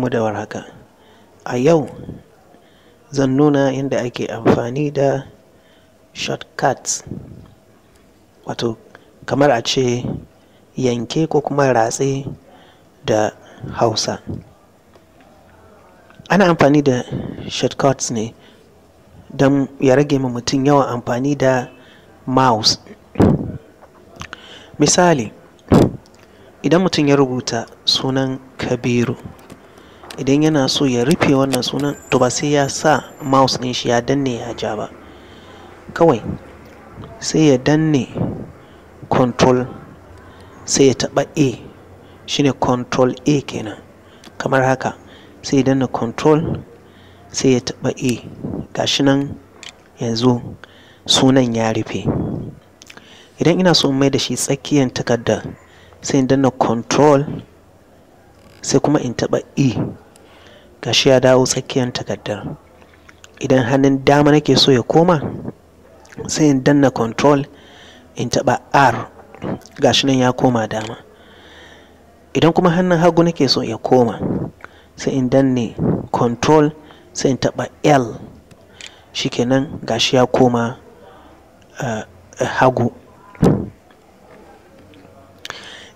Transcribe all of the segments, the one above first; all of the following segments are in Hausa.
mu da warhaka a yau zan nuna yadda ake amfani da shortcuts wato kamar a ce yanke ko kuma ratse da hausa ana amfani da shortcuts ne don ya rage ma mutum yawan amfani da mouse misali idan mutum ya rubuta sunan kabiru idan yana so ya rufe wannan sunan to ba sai ya sa mouse ɗin shi ya danne ya ja ba kawai sai ya danne control sai ya taɓa a shine control a kenan kamar haka sai ya danne control sai ya taɓa a gashi nan yanzu sunan ya rufe idan ina so in mai da shi tsakiyar takardar sai in danne control sai kuma in taba e gashi ya dawo tsakiyar takardar idan hannun dama nake so ya koma sai in danna control in taɓa r shi nan ya koma dama idan kuma hannun hagu nake so ya koma sai in danne control sai in taɓa l shikenan shi ya koma uh, hagu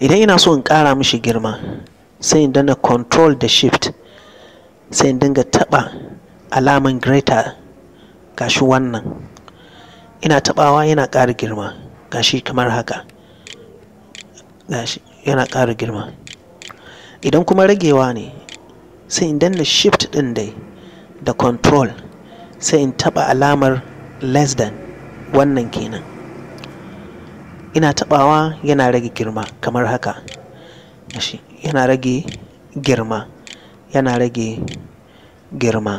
idan ina so in ƙara mishi girma sai in danna control da shift sai in dinga taɓa alaman greater gashi wannan ina taɓawa yana ƙara girma gashi kamar haka gashi yana ƙara girma idan kuma ragewa ne sai in danna shift ɗin dai da control sai in taɓa alamar less than wannan kenan ina taɓawa yana rage girma kamar haka gashi yana rage girma yana rage girma